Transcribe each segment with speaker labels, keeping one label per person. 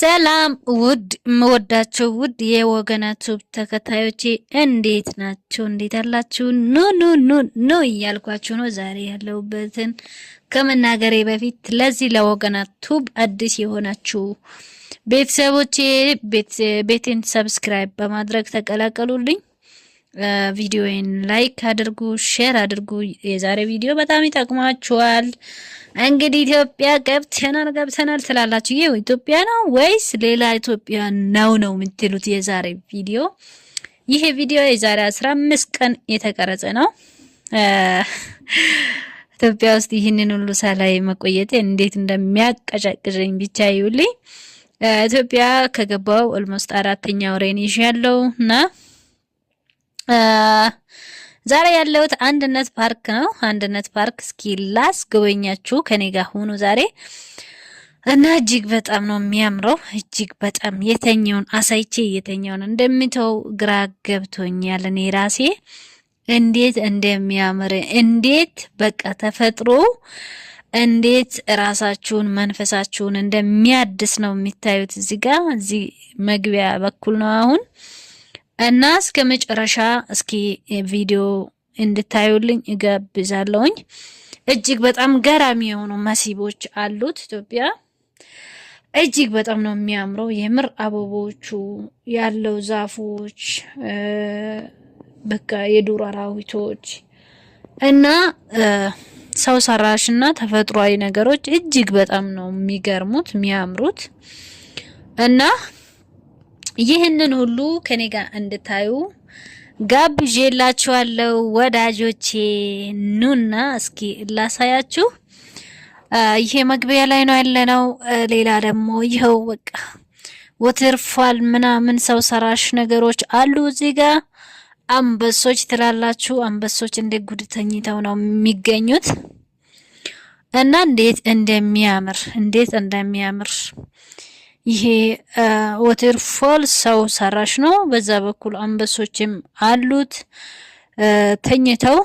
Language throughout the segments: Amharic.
Speaker 1: ሰላም ውድ የምወዳችሁ ውድ የወገናችሁ ተከታዮቼ እንዴት ናችሁ? እንዴት አላችሁ? ኑ ኑ ኑ ኑ እያልኳችሁ ነው። ዛሬ ያለሁበትን ከመናገሬ በፊት ለዚህ ለወገና ቱብ አዲስ የሆናችሁ ቤተሰቦቼ ቤቴን ሰብስክራይብ በማድረግ ተቀላቀሉልኝ። ቪዲዮን ላይክ አድርጉ፣ ሼር አድርጉ። የዛሬ ቪዲዮ በጣም ይጠቅማችኋል። እንግዲህ ኢትዮጵያ ገብተናል ገብተናል ትላላችሁ። ይሄው ኢትዮጵያ ነው ወይስ ሌላ ኢትዮጵያ ነው ነው የምትሉት? የዛሬ ቪዲዮ ይሄ ቪዲዮ የዛሬ አስራ ቀን የተቀረጸ ነው። ኢትዮጵያ ውስጥ ይህንን ሁሉ ሳላይ መቆየቴ እንዴት እንደሚያቀጫቅጭኝ ብቻ ይውልኝ። ኢትዮጵያ ከገባው ኦልሞስት አራተኛ ወሬን ይሽ ያለው እና ዛሬ ያለሁት አንድነት ፓርክ ነው። አንድነት ፓርክ እስኪ ላስጎበኛችሁ፣ ከኔ ጋር ሁኑ ዛሬ እና እጅግ በጣም ነው የሚያምረው። እጅግ በጣም የተኛውን አሳይቼ የተኛውን እንደምተው ግራ ገብቶኛል እኔ ራሴ እንዴት እንደሚያምር እንዴት በቃ ተፈጥሮ እንዴት ራሳችሁን መንፈሳችሁን እንደሚያድስ ነው የሚታዩት። እዚህ ጋር እዚህ መግቢያ በኩል ነው አሁን እና እስከ መጨረሻ እስኪ ቪዲዮ እንድታዩልኝ እጋብዛለሁኝ። እጅግ በጣም ገራሚ የሆኑ መስህቦች አሉት ኢትዮጵያ። እጅግ በጣም ነው የሚያምረው። የምር አበቦቹ ያለው ዛፎች፣ በቃ የዱር አራዊቶች እና ሰው ሰራሽ እና ተፈጥሯዊ ነገሮች እጅግ በጣም ነው የሚገርሙት የሚያምሩት እና ይህንን ሁሉ ከኔ ጋር እንድታዩ ጋብዤላችኋለሁ ወዳጆቼ። ኑና እስኪ ላሳያችሁ። ይሄ መግቢያ ላይ ነው ያለነው። ሌላ ደግሞ ይኸው በቃ ወተርፋል ምናምን ሰው ሰራሽ ነገሮች አሉ እዚህ ጋር አንበሶች ትላላችሁ። አንበሶች እንደ ጉድ ተኝተው ነው የሚገኙት እና እንዴት እንደሚያምር እንዴት እንደሚያምር ይሄ ወተርፎል ሰው ሰራሽ ነው። በዛ በኩል አንበሶችም አሉት ተኝተው።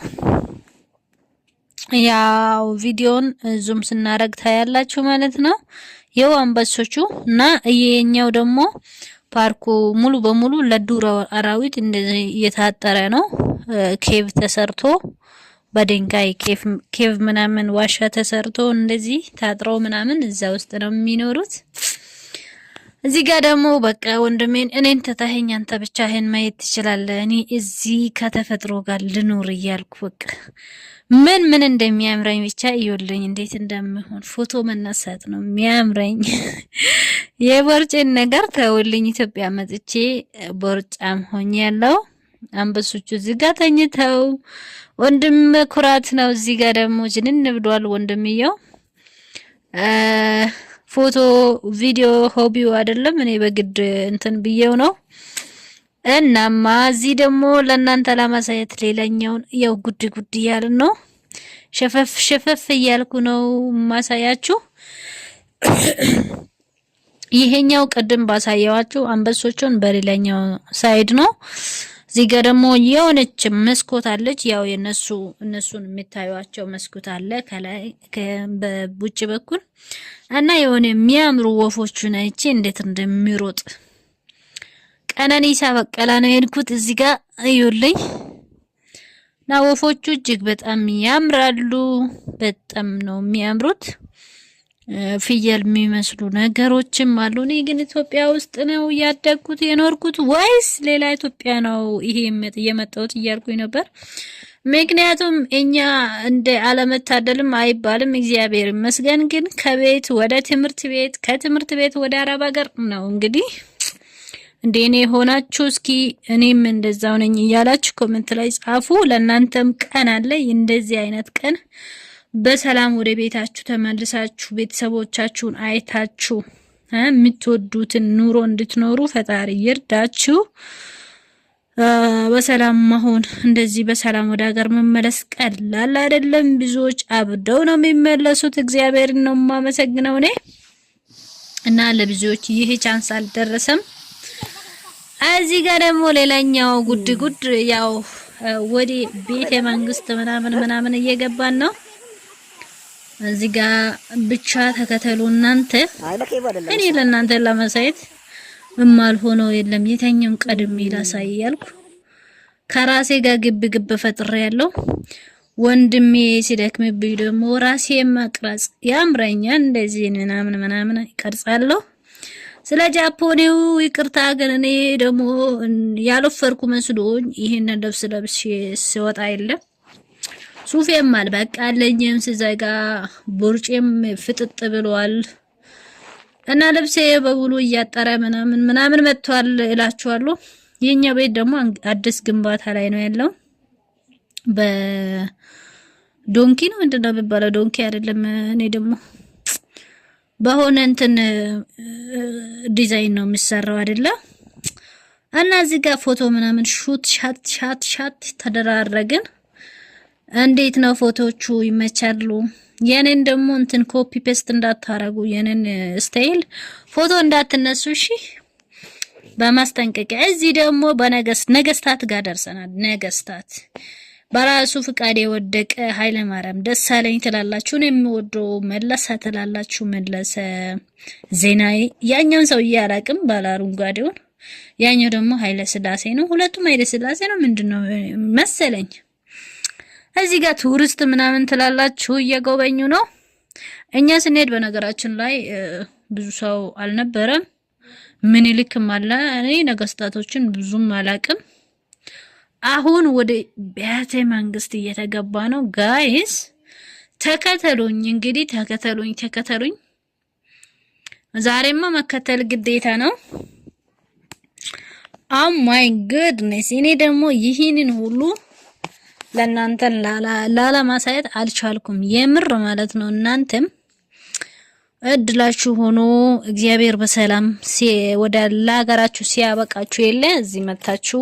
Speaker 1: ያው ቪዲዮን ዙም ስናረግ ታያላችሁ ማለት ነው። የው አንበሶቹ እና የኛው ደግሞ ፓርኩ ሙሉ በሙሉ ለዱር አራዊት እንደዚህ እየታጠረ ነው። ኬቭ ተሰርቶ በድንጋይ ኬቭ ምናምን ዋሻ ተሰርቶ እንደዚህ ታጥረው ምናምን እዛ ውስጥ ነው የሚኖሩት። እዚህ ጋር ደግሞ በቃ ወንድሜን እኔን ተተኸኝ አንተ ብቻህን ማየት ትችላለህ፣ እኔ እዚህ ከተፈጥሮ ጋር ልኖር እያልኩ በቃ ምን ምን እንደሚያምረኝ ብቻ እዩልኝ፣ እንዴት እንደምሆን ፎቶ መነሳት ነው የሚያምረኝ። የቦርጬን ነገር ተውልኝ፣ ኢትዮጵያ መጥቼ ቦርጫም ሆኝ ያለው አንበሶቹ እዚህ ጋር ተኝተው፣ ወንድም ኩራት ነው። እዚህ ጋር ደግሞ ጅንን ብሏል ወንድምየው ፎቶ ቪዲዮ ሆቢው አይደለም። እኔ በግድ እንትን ብዬው ነው። እናማ እዚህ ደግሞ ለእናንተ ለማሳየት ሌላኛውን ያው ጉድ ጉድ እያልን ነው። ሸፈፍ ሸፈፍ እያልኩ ነው ማሳያችሁ። ይሄኛው ቅድም ባሳየዋችሁ አንበሶቹን በሌላኛው ሳይድ ነው። እዚህ ጋር ደግሞ የሆነች መስኮት አለች። ያው የነሱ እነሱን የሚታዩቸው መስኮት አለ ከላይ በውጭ በኩል እና የሆነ የሚያምሩ ወፎቹን አይቼ እንዴት እንደሚሮጥ ቀነኒሳ በቀለ ነው የሄድኩት። እዚህ ጋር እዩልኝ እና ወፎቹ እጅግ በጣም ያምራሉ። በጣም ነው የሚያምሩት። ፍየል የሚመስሉ ነገሮችም አሉ። እኔ ግን ኢትዮጵያ ውስጥ ነው ያደግኩት የኖርኩት ወይስ ሌላ ኢትዮጵያ ነው ይሄ የመጣሁት እያልኩኝ ነበር። ምክንያቱም እኛ እንደ አለመታደልም አይባልም። እግዚአብሔር ይመስገን። ግን ከቤት ወደ ትምህርት ቤት፣ ከትምህርት ቤት ወደ አረብ ሀገር ነው እንግዲህ እንደ እኔ ሆናችሁ እስኪ እኔም እንደዛው ነኝ እያላችሁ ኮመንት ላይ ጻፉ። ለእናንተም ቀን አለ እንደዚህ አይነት ቀን በሰላም ወደ ቤታችሁ ተመልሳችሁ ቤተሰቦቻችሁን አይታችሁ የምትወዱትን ኑሮ እንድትኖሩ ፈጣሪ ይርዳችሁ። በሰላም መሆን እንደዚህ በሰላም ወደ ሀገር መመለስ ቀላል አይደለም። ብዙዎች አብደው ነው የሚመለሱት። እግዚአብሔር ነው የማመሰግነው እኔ እና ለብዙዎች ይህ ቻንስ አልደረሰም። እዚህ ጋር ደግሞ ሌላኛው ጉድ ጉድ ያው ወደ ቤተ መንግስት ምናምን ምናምን እየገባን ነው። እዚህ ጋር ብቻ ተከተሉ እናንተ እኔ ለእናንተ ለማሳየት እማል ሆኖ የለም የተኛውን ቀድም ይላሳይ እያልኩ ከራሴ ጋር ግብ ግብ ፈጥሬ ያለው ወንድሜ ሲደክምብኝ ደግሞ ራሴ መቅረጽ ያምረኛል። እንደዚህ ምናምን ምናምን ይቀርጻለሁ። ስለ ጃፖኔው ይቅርታ፣ ግን እኔ ደግሞ ያልወፈርኩ መስሎኝ ይሄንን ልብስ ለብሼ ስወጣ የለም ሱፌም አልበቃለኝም፣ ስዘጋ ቦርጬም ፍጥጥ ብሏል። እና ልብሴ በሙሉ እያጠረ ምናምን ምናምን መጥቷል እላችኋለሁ። የኛ ቤት ደግሞ አዲስ ግንባታ ላይ ነው ያለው። በዶንኪ ነው ምንድን ነው የሚባለው? ዶንኪ አይደለም። እኔ ደግሞ በሆነ እንትን ዲዛይን ነው የሚሰራው አይደለ? እና እዚህ ጋር ፎቶ ምናምን ሹት ሻት ሻት ሻት ተደራረግን። እንዴት ነው ፎቶቹ? ይመቻሉ? የኔን ደግሞ እንትን ኮፒ ፔስት እንዳታረጉ፣ የኔን ስታይል uh, ፎቶ እንዳትነሱ እሺ። በማስጠንቀቂያ እዚህ ደግሞ ነገስታት ጋር ደርሰናል። ነገስታት በራሱ ፍቃድ የወደቀ ኃይለ ማርያም ደሳለኝ ትላላችሁ፣ ነው የምወደው መለሰ ትላላችሁ። መለሰ ዜናዊ ያኛውን ሰውዬ አላቅም፣ ባለአረንጓዴውን ያኛው ደግሞ ኃይለ ስላሴ ነው። ሁለቱም ኃይለ ስላሴ ነው ምንድነው መሰለኝ እዚህ ጋር ቱሪስት ምናምን ትላላችሁ እየጎበኙ ነው። እኛ ስንሄድ በነገራችን ላይ ብዙ ሰው አልነበረም። ምኒልክም አለ። እኔ ነገስታቶችን ብዙም አላቅም። አሁን ወደ ቤተ መንግስት እየተገባ ነው። ጋይስ ተከተሉኝ፣ እንግዲህ ተከተሉኝ፣ ተከተሉኝ። ዛሬማ መከተል ግዴታ ነው። ኦ ማይ ጉድነስ እኔ ደግሞ ይህንን ሁሉ ለናንተ ላላ ማሳየት አልቻልኩም። የምር ማለት ነው። እናንተም እድላችሁ ሆኖ እግዚአብሔር በሰላም ወደ ሀገራችሁ ሲያበቃችሁ የለ እዚህ መታችሁ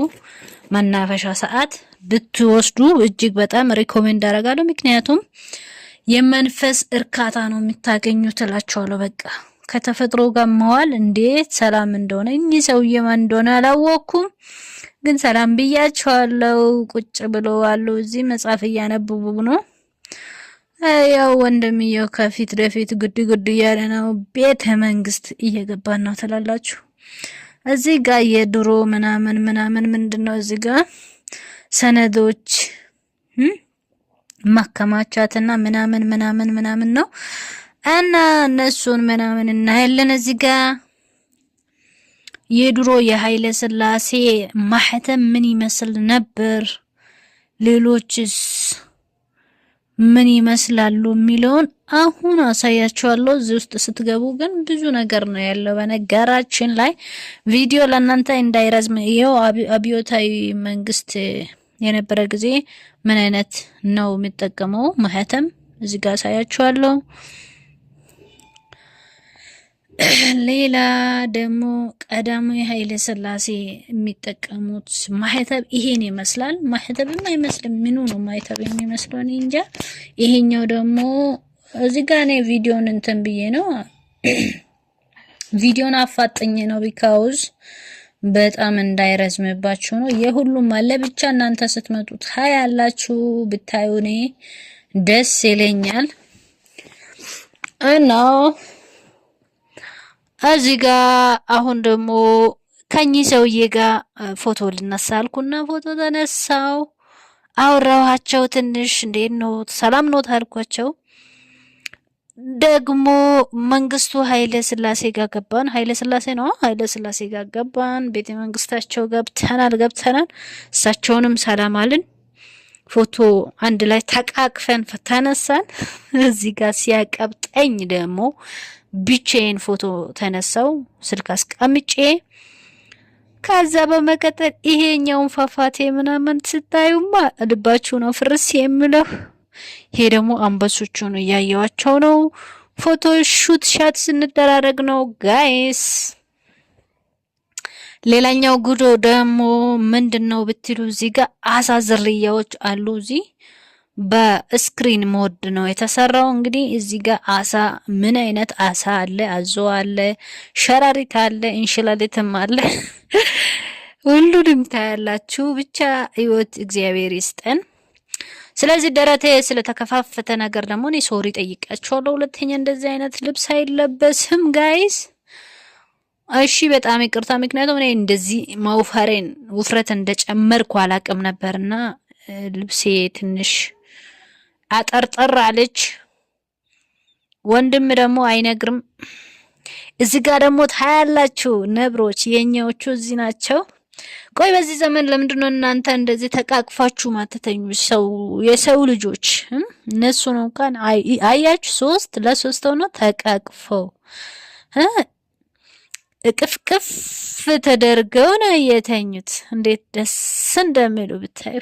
Speaker 1: መናፈሻ ሰዓት ብትወስዱ እጅግ በጣም ሪኮሜንድ አደርጋለሁ። ምክንያቱም የመንፈስ እርካታ ነው የምታገኙ እላችኋለሁ። በቃ ከተፈጥሮ ጋር መዋል እንዴት ሰላም እንደሆነ እኚህ ሰውዬ ማን እንደሆነ አላወቅኩም። ግን ሰላም ብያቸዋለው። ቁጭ ብሎ አሉ እዚህ መጽሐፍ እያነብቡ ነው። ያው ወንድምየው ከፊት ለፊት ግድ ግድ እያለ ነው። ቤተ መንግስት እየገባን ነው ትላላችሁ። እዚህ ጋ የድሮ ምናምን ምናምን ምንድን ነው እዚህ ጋ ሰነዶች ማከማቻትና ምናምን ምናምን ምናምን ነው እና እነሱን ምናምን እናያለን እዚህ ጋር የድሮ የኃይለ ሥላሴ ማህተም ምን ይመስል ነበር፣ ሌሎችስ ምን ይመስላሉ የሚለውን አሁን አሳያችኋለሁ። እዚህ ውስጥ ስትገቡ ግን ብዙ ነገር ነው ያለው። በነገራችን ላይ ቪዲዮ ለእናንተ እንዳይረዝም ይኸው አብዮታዊ መንግስት የነበረ ጊዜ ምን አይነት ነው የሚጠቀመው ማህተም እዚህ ጋር አሳያችኋለሁ። ሌላ ደግሞ ቀዳማዊ ኃይለ ሥላሴ የሚጠቀሙት ማህተብ ይሄን ይመስላል። ማህተብም አይመስልም። ምኑ ነው ማህተብ የሚመስለው? እኔ እንጃ። ይሄኛው ደግሞ እዚህ ጋ እኔ ቪዲዮን እንትን ብዬ ነው ቪዲዮን አፋጥኝ ነው ቢካውዝ በጣም እንዳይረዝምባችሁ ነው። የሁሉም አለ ብቻ እናንተ ስትመጡት ሀይ አላችሁ ብታዩ እኔ ደስ ይለኛል እና እዚህ ጋር አሁን ደግሞ ከኚህ ሰውዬ ጋር ፎቶ ልነሳ አልኩና ፎቶ ተነሳው። አወራኋቸው ትንሽ። እንዴት ነው ሰላም ኖት አልኳቸው። ደግሞ መንግስቱ ኃይለ ስላሴ ጋር ገባን። ኃይለ ስላሴ ነው ኃይለ ስላሴ ጋር ገባን። ቤተ መንግስታቸው ገብተናል ገብተናል። እሳቸውንም ሰላም አልን። ፎቶ አንድ ላይ ተቃቅፈን ተነሳን። እዚህ ጋር ሲያቀብጠኝ ደግሞ ብቻዬን ፎቶ ተነሳው ስልክ አስቀምጬ። ከዛ በመቀጠል ይሄኛውን ፏፏቴ ምናምን ስታዩማ ልባችሁ ነው ፍርስ የሚለው። ይሄ ደግሞ አንበሶቹን እያየዋቸው ነው። ፎቶ ሹት ሻት ስንደራረግ ነው ጋይስ። ሌላኛው ጉዶ ደግሞ ምንድን ነው ብትሉ እዚህ ጋር አሳ ዝርያዎች አሉ እዚህ በስክሪን ሞድ ነው የተሰራው። እንግዲህ እዚህ ጋር አሳ ምን አይነት አሳ አለ? አዞ አለ፣ ሸረሪት አለ፣ እንሽላሊትም አለ። ሁሉንም ታያላችሁ። ብቻ ህይወት እግዚአብሔር ይስጠን። ስለዚህ ደረቴ ስለተከፋፈተ ነገር ደግሞ እኔ ሶሪ ጠይቃችኋለሁ። ሁለተኛ እንደዚህ አይነት ልብስ አይለበስም ጋይስ። እሺ በጣም ይቅርታ። ምክንያቱም እኔ እንደዚህ ማውፈሬን ውፍረት እንደጨመርኩ አላቅም ነበርና ልብሴ ትንሽ አጠርጠር አለች። ወንድም ደግሞ አይነግርም። እዚህ ጋር ደግሞ ታያላችሁ ነብሮች፣ የኛዎቹ እዚህ ናቸው። ቆይ በዚህ ዘመን ለምንድን ነው እናንተ እንደዚህ ተቃቅፋችሁ ማተተኙ? ሰው የሰው ልጆች እነሱ ነው እንኳን አያችሁ፣ ሶስት ለሶስት ሆነው ተቃቅፈው እቅፍቅፍ ተደርገው ነው የተኙት። እንዴት ደስ እንደሚሉ ብታዩ።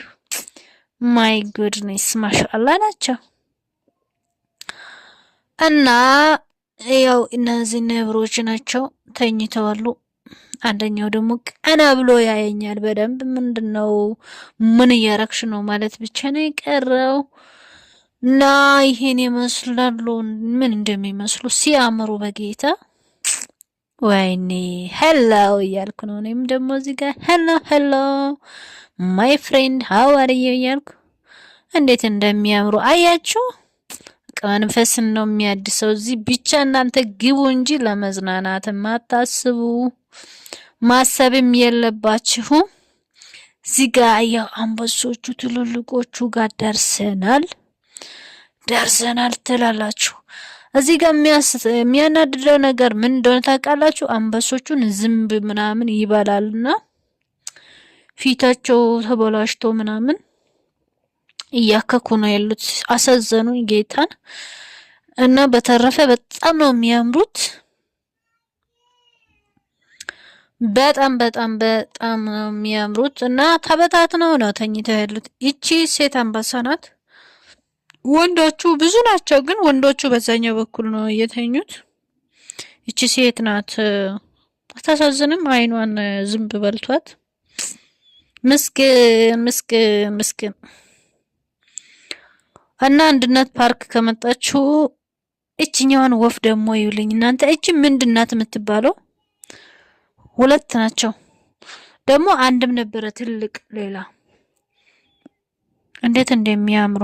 Speaker 1: ማይ ጉድነስ ማሻአላ ናቸው። እና ያው እነዚህ ነብሮች ናቸው ተኝተዋሉ። አንደኛው ደግሞ ቀና ብሎ ያየኛል በደንብ ምንድነው ምን እያረክሽ ነው ማለት ብቻ ነው የቀረው። እና ይሄን ይመስላሉ ምን እንደሚመስሉ ሲያምሩ በጌታ ወይኔ ሄሎ እያልኩ ነው። እኔም ደግሞ እዚህ ጋር ሄሎ ሄሎ ማይ ፍሬንድ ሀው አር ዩ እያልኩ እንዴት እንደሚያምሩ አያችሁ። መንፈስን ነው የሚያድሰው። እዚህ ብቻ እናንተ ግቡ እንጂ ለመዝናናት ማታስቡ ማሰብም የለባችሁ። እዚህ ጋር ያው አንበሶቹ ትልልቆቹ ጋር ደርሰናል ደርሰናል ትላላችሁ። እዚህ ጋር የሚያናድደው ነገር ምን እንደሆነ ታውቃላችሁ? አንበሶቹን ዝንብ ምናምን ይበላልና ፊታቸው ተበላሽቶ ምናምን እያከኩ ነው ያሉት። አሳዘኑኝ ጌታን እና በተረፈ በጣም ነው የሚያምሩት። በጣም በጣም በጣም ነው የሚያምሩት እና ተበታትነው ነው ተኝተው ያሉት። ይቺ ሴት አንበሳ ናት። ወንዶቹ ብዙ ናቸው፣ ግን ወንዶቹ በዛኛው በኩል ነው እየተኙት። እቺ ሴት ናት። አታሳዝንም? አይኗን ዝንብ በልቷት። ምስኪን ምስክን ምስኪን እና አንድነት ፓርክ ከመጣችሁ እችኛዋን ወፍ ደግሞ ይውልኝ እናንተ። እቺ ምንድናት የምትባለው? ሁለት ናቸው ደግሞ አንድም ነበረ ትልቅ ሌላ። እንዴት እንደሚያምሩ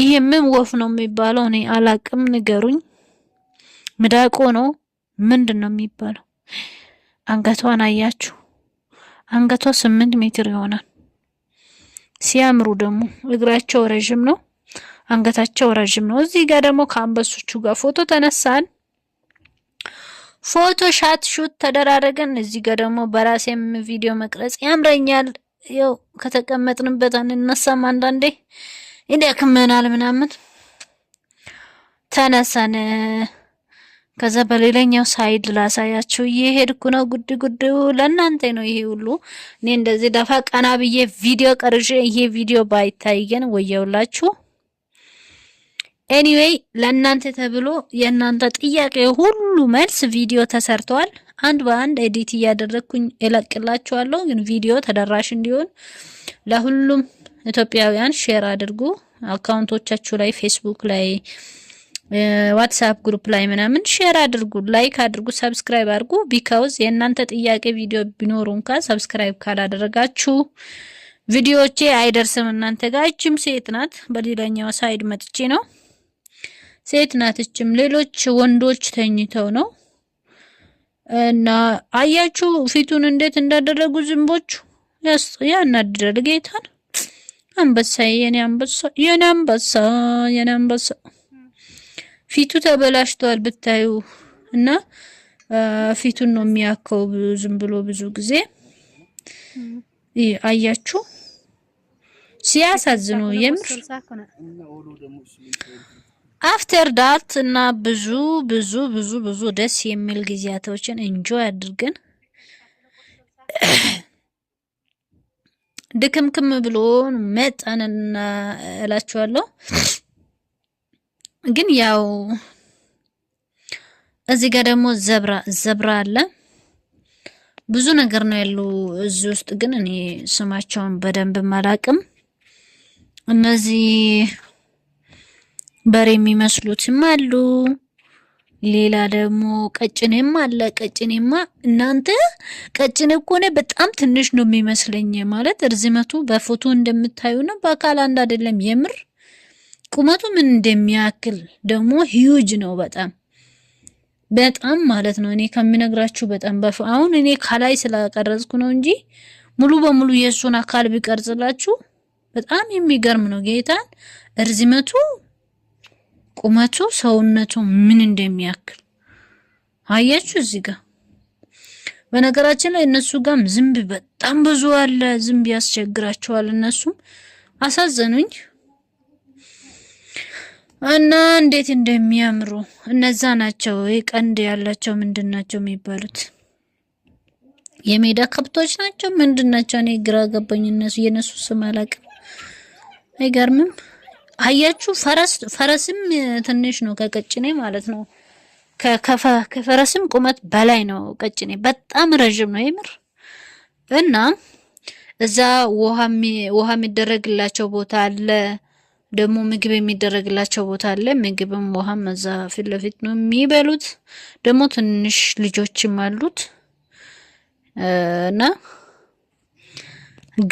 Speaker 1: ይሄ ምን ወፍ ነው የሚባለው? እኔ አላቅም፣ ንገሩኝ። ምዳቆ ነው ምንድን ነው የሚባለው? አንገቷን አያችሁ? አንገቷ ስምንት ሜትር ይሆናል። ሲያምሩ ደግሞ እግራቸው ረዥም ነው፣ አንገታቸው ረዥም ነው። እዚህ ጋር ደግሞ ከአንበሶቹ ጋር ፎቶ ተነሳን። ፎቶ ሻት ሹት ተደራረገን። እዚህ ጋር ደግሞ በራሴም ቪዲዮ መቅረጽ ያምረኛል። ያው ከተቀመጥንበት አንነሳም አንዳንዴ ይደክመናል ምናምን ተነሳን። ከዛ በሌላኛው ሳይድ ላሳያችሁ እየሄድኩ ነው። ጉድ ጉድ ለእናንተ ነው ይሄ ሁሉ። እኔ እንደዚህ ደፋ ቀና ብዬ ቪዲዮ ቀርጬ ይሄ ቪዲዮ ባይታየን ወየውላችሁ። ኤኒዌይ ለእናንተ ተብሎ የእናንተ ጥያቄ ሁሉ መልስ ቪዲዮ ተሰርተዋል። አንድ በአንድ ኤዲት እያደረግኩኝ እለቅላችኋለሁ። ግን ቪዲዮ ተደራሽ እንዲሆን ለሁሉም ኢትዮጵያውያን ሼር አድርጉ አካውንቶቻችሁ ላይ ፌስቡክ ላይ ዋትሳፕ ግሩፕ ላይ ምናምን ሼር አድርጉ፣ ላይክ አድርጉ፣ ሰብስክራይብ አድርጉ። ቢካውዝ የእናንተ ጥያቄ ቪዲዮ ቢኖሩ እንኳን ሰብስክራይብ ካላደረጋችሁ ቪዲዮቼ አይደርስም እናንተ ጋር። እችም ሴት ናት፣ በሌላኛው ሳይድ መጥቼ ነው ሴት ናት። እችም ሌሎች ወንዶች ተኝተው ነው እና አያችሁ ፊቱን እንዴት እንዳደረጉ ዝንቦቹ። ያናድዳል ጌታን አንበሳ የኔ አንበሳ የኔ አንበሳ የኔ አንበሳ ፊቱ ተበላሽቷል ብታዩ እና ፊቱን ነው የሚያከው ዝም ብሎ ብዙ ጊዜ አያችሁ። ሲያሳዝኑ የምር አፍተር ዳት እና ብዙ ብዙ ብዙ ብዙ ደስ የሚል ጊዜያቶችን እንጆይ አድርገን ድክምክም ብሎ እና እላችኋለሁ። ግን ያው እዚህ ጋር ደግሞ ዘብራ ዘብራ አለ። ብዙ ነገር ነው ያሉ እዚህ ውስጥ ግን እኔ ስማቸውን በደንብ አላቅም። እነዚህ በሬ የሚመስሉትም አሉ። ሌላ ደግሞ ቀጭኔም አለ። ቀጭኔማ እናንተ ቀጭኔ እኮ እኔ በጣም ትንሽ ነው የሚመስለኝ። ማለት እርዝመቱ በፎቶ እንደምታዩ ነው፣ በአካል አንድ አይደለም። የምር ቁመቱ ምን እንደሚያክል ደግሞ ሂዩጅ ነው በጣም በጣም ማለት ነው። እኔ ከምነግራችሁ በጣም አሁን እኔ ከላይ ስላቀረጽኩ ነው እንጂ ሙሉ በሙሉ የእሱን አካል ቢቀርጽላችሁ በጣም የሚገርም ነው። ጌታን እርዝመቱ ቁመቱ ሰውነቱ ምን እንደሚያክል አያችሁ እዚህ ጋር። በነገራችን ላይ እነሱ ጋም ዝንብ በጣም ብዙ አለ። ዝንብ ያስቸግራቸዋል። እነሱም አሳዘኑኝ እና እንዴት እንደሚያምሩ እነዛ ናቸው። ቀንድ ያላቸው ምንድን ናቸው የሚባሉት? የሜዳ ከብቶች ናቸው ምንድን ናቸው? እኔ ግራ ገባኝ። እነሱ የእነሱ ስም አላውቅም። አይገርምም? አያችሁ፣ ፈረስ ፈረስም ትንሽ ነው ከቀጭኔ ማለት ነው። ከፈረስም ቁመት በላይ ነው ቀጭኔ፣ በጣም ረዥም ነው የምር እና እዛ ውሃ የሚደረግላቸው ቦታ አለ፣ ደግሞ ምግብ የሚደረግላቸው ቦታ አለ። ምግብም ውሃም እዛ ፊት ለፊት ነው የሚበሉት። ደግሞ ትንሽ ልጆችም አሉት እና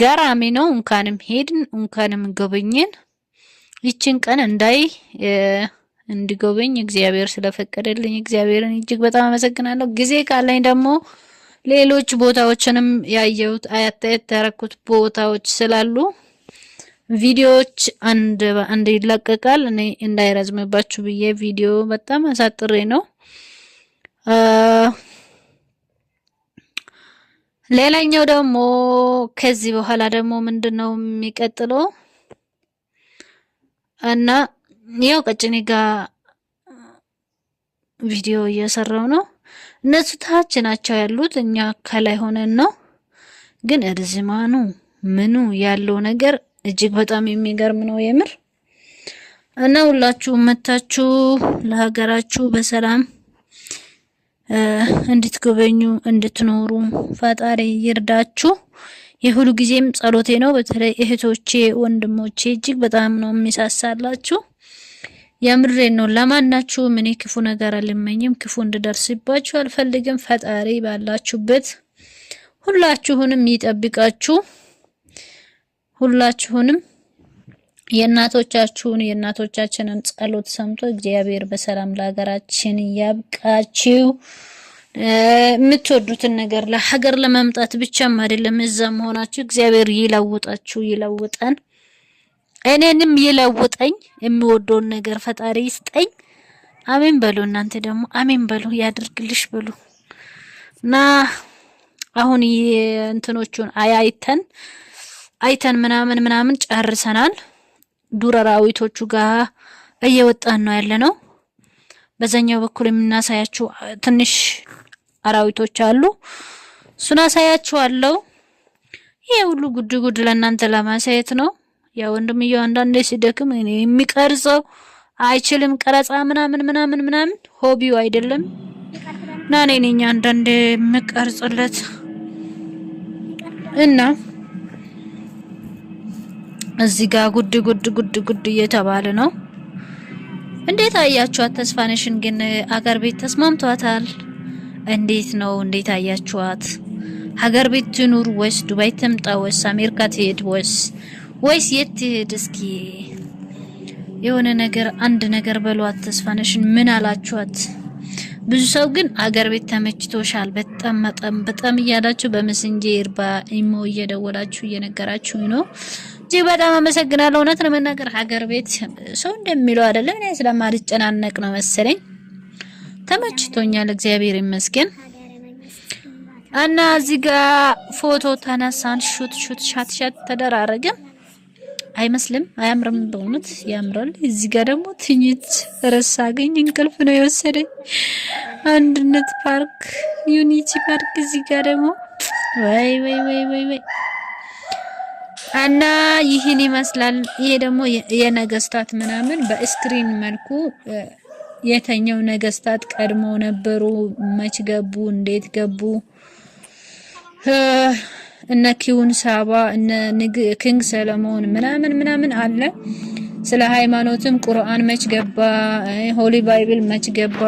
Speaker 1: ገራሚ ነው። እንኳንም ሄድን፣ እንኳንም ጎበኘን። ይችን ቀን እንዳይ እንድጎበኝ እግዚአብሔር ስለፈቀደልኝ እግዚአብሔርን እጅግ በጣም አመሰግናለሁ። ጊዜ ካለኝ ደግሞ ሌሎች ቦታዎችንም ያየሁት አያት ያረኩት ቦታዎች ስላሉ ቪዲዮዎች አንድ አንድ ይለቀቃል። እኔ እንዳይረዝምባችሁ ብዬ ቪዲዮ በጣም አሳጥሬ ነው። ሌላኛው ደግሞ ከዚህ በኋላ ደግሞ ምንድን ነው የሚቀጥለው? እና ያው ቀጭኔ ጋር ቪዲዮ እየሰራው ነው። እነሱ ታች ናቸው ያሉት፣ እኛ ከላይ ሆነን ነው። ግን እርዝማኑ ምኑ ያለው ነገር እጅግ በጣም የሚገርም ነው የምር እና ሁላችሁ መታችሁ ለሀገራችሁ በሰላም እንድትጎበኙ እንድትኖሩ ፈጣሪ ይርዳችሁ። የሁሉ ጊዜም ጸሎቴ ነው። በተለይ እህቶቼ፣ ወንድሞቼ እጅግ በጣም ነው የሚሳሳላችሁ። የምሬን ነው። ለማናችሁም እኔ ክፉ ነገር አልመኝም፣ ክፉ እንድደርስባችሁ አልፈልግም። ፈጣሪ ባላችሁበት ሁላችሁንም ይጠብቃችሁ። ሁላችሁንም የእናቶቻችሁን የእናቶቻችንን ጸሎት ሰምቶ እግዚአብሔር በሰላም ለሀገራችን ያብቃችሁ። የምትወዱትን ነገር ለሀገር ለመምጣት ብቻም አይደለም እዛ መሆናችሁ። እግዚአብሔር ይለውጣችሁ፣ ይለውጠን፣ እኔንም ይለውጠኝ። የሚወደውን ነገር ፈጣሪ ይስጠኝ። አሜን በሉ። እናንተ ደግሞ አሜን በሉ፣ ያድርግልሽ በሉ እና አሁን እንትኖቹን አያይተን አይተን ምናምን ምናምን ጨርሰናል። ዱር አራዊቶቹ ጋር እየወጣን ነው ያለ ነው። በዛኛው በኩል የምናሳያችሁ ትንሽ አራዊቶች አሉ። እሱን አሳያችኋለሁ። ይሄ ሁሉ ጉድ ጉድ ለእናንተ ለማሳየት ነው። ያ ወንድምየው አንዳንዴ ሲደክም እኔ የሚቀርጸው አይችልም። ቀረጻ ምናምን ምናምን ምናምን ሆቢው አይደለም እና እኔ ነኝ አንዳንዴ የምቀርጽለት እና እዚህ ጋር ጉድ ጉድ ጉድ ጉድ እየተባለ ነው። እንዴት አያችኋት? ተስፋነሽን ግን አገር ቤት ተስማምቷታል። እንዴት ነው? እንዴት አያችኋት? ሀገር ቤት ትኑር ወይስ ዱባይ ትምጣ ወይስ አሜሪካ ትሄድ ወይስ ወይስ የት ትሄድ? እስኪ የሆነ ነገር አንድ ነገር በሏት። ተስፋነሽን ምን አላችኋት? ብዙ ሰው ግን አገር ቤት ተመችቶሻል በጣም መጠን በጣም እያላችሁ በመሰንጀር በኢሞ እየደወላችሁ እየነገራችሁ ነው። እጅግ በጣም አመሰግናለሁ። እውነት ለመናገር ሀገር ቤት ሰው እንደሚለው አይደለም። እኔ ስለማልጨናነቅ ነው መሰለኝ ተመችቶኛል። እግዚአብሔር ይመስገን። እና እዚህ ጋር ፎቶ ተነሳን። ሹት ሹት ሻት ሻት ተደራረገ። አይመስልም፣ አያምርም። በእውነት ያምራል። እዚህ ጋር ደግሞ ትኝት ረስ አገኝ እንቅልፍ ነው የወሰደኝ። አንድነት ፓርክ፣ ዩኒቲ ፓርክ። እዚህ ጋር ደግሞ ወይ ወይ ወይ ወይ ወይ እና ይህን ይመስላል። ይሄ ደግሞ የነገስታት ምናምን በስክሪን መልኩ የተኛው ነገስታት ቀድሞ ነበሩ፣ መች ገቡ፣ እንዴት ገቡ፣ እነ ኪውን ሳባ፣ እነ ኪንግ ሰለሞን ምናምን ምናምን አለ። ስለ ሃይማኖትም ቁርአን መች ገባ፣ ሆሊ ባይብል መች ገባ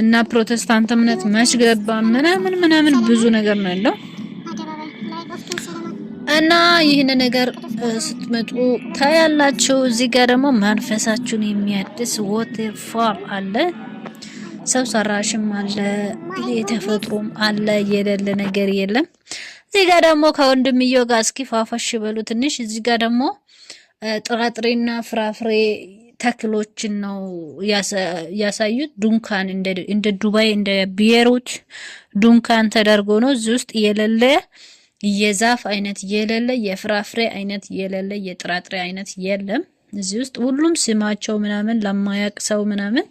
Speaker 1: እና ፕሮቴስታንት እምነት መች ገባ ምናምን ምናምን ብዙ ነገር ነው ያለው። እና ይህን ነገር ስትመጡ ታያላችሁ። እዚህ ጋር ደግሞ መንፈሳችሁን የሚያድስ ወተር ፋል አለ፣ ሰው ሰራሽም አለ፣ የተፈጥሮም አለ። የሌለ ነገር የለም። እዚህ ጋር ደግሞ ከወንድምየው ጋር እስኪ ፋፋሽ በሉ ትንሽ። እዚህ ጋር ደግሞ ጥራጥሬና ፍራፍሬ ተክሎችን ነው ያሳዩት። ዱንካን እንደ ዱባይ እንደ ብሔሮች ዱንካን ተደርጎ ነው እዚህ ውስጥ የሌለ የዛፍ አይነት የሌለ የፍራፍሬ አይነት የሌለ የጥራጥሬ አይነት የለም። እዚህ ውስጥ ሁሉም ስማቸው ምናምን ለማያቅ ሰው ምናምን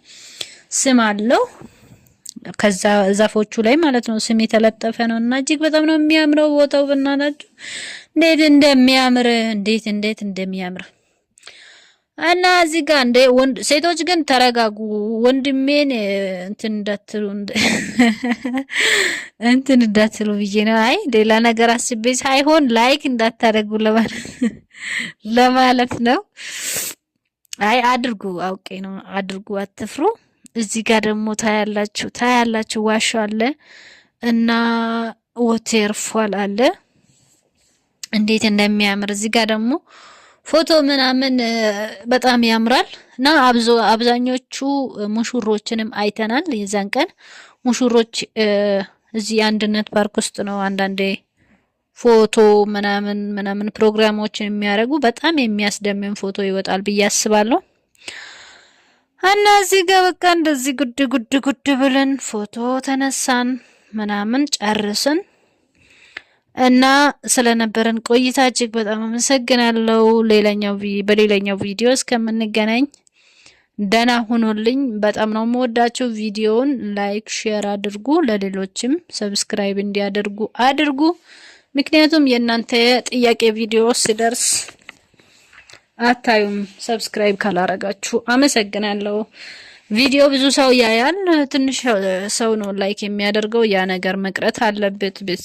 Speaker 1: ስም አለው ከዛ ዛፎቹ ላይ ማለት ነው ስም የተለጠፈ ነው። እና እጅግ በጣም ነው የሚያምረው ቦታው ብናናችሁ እንዴት እንደሚያምር እንዴት እንዴት እንደሚያምር እና እዚህ ጋር እንደ ወንድ ሴቶች ግን ተረጋጉ። ወንድሜን እንትን እንዳትሉ እንትን እንዳትሉ ብዬ ነው። አይ ሌላ ነገር አስቤ ሳይሆን ላይክ እንዳታደርጉ ለማለት ነው። አይ አድርጉ፣ አውቄ ነው አድርጉ፣ አትፍሩ። እዚህ ጋር ደግሞ ታያላችሁ፣ ታያላችሁ። ዋሻ አለ እና ወተርፏል አለ እንዴት እንደሚያምር እዚህ ጋር ደግሞ ፎቶ ምናምን በጣም ያምራል እና አብዛኞቹ ሙሽሮችንም አይተናል። የዛን ቀን ሙሽሮች እዚህ አንድነት ፓርክ ውስጥ ነው አንዳንዴ ፎቶ ምናምን ምናምን ፕሮግራሞችን የሚያደርጉ በጣም የሚያስደምም ፎቶ ይወጣል ብዬ አስባለሁ። እና እዚህ ጋር በቃ እንደዚህ ጉድ ጉድ ጉድ ብልን ፎቶ ተነሳን ምናምን ጨርስን። እና ስለነበረን ቆይታ እጅግ በጣም አመሰግናለሁ። ሌላኛው በሌላኛው ቪዲዮ እስከምንገናኝ ደህና ሁኑልኝ። በጣም ነው የምወዳችሁ። ቪዲዮውን ላይክ፣ ሼር አድርጉ። ለሌሎችም ሰብስክራይብ እንዲያደርጉ አድርጉ። ምክንያቱም የእናንተ ጥያቄ ቪዲዮ ሲደርስ አታዩም ሰብስክራይብ ካላረጋችሁ። አመሰግናለሁ። ቪዲዮ ብዙ ሰው ያያል፣ ትንሽ ሰው ነው ላይክ የሚያደርገው። ያ ነገር መቅረት አለበት ቤተሰብ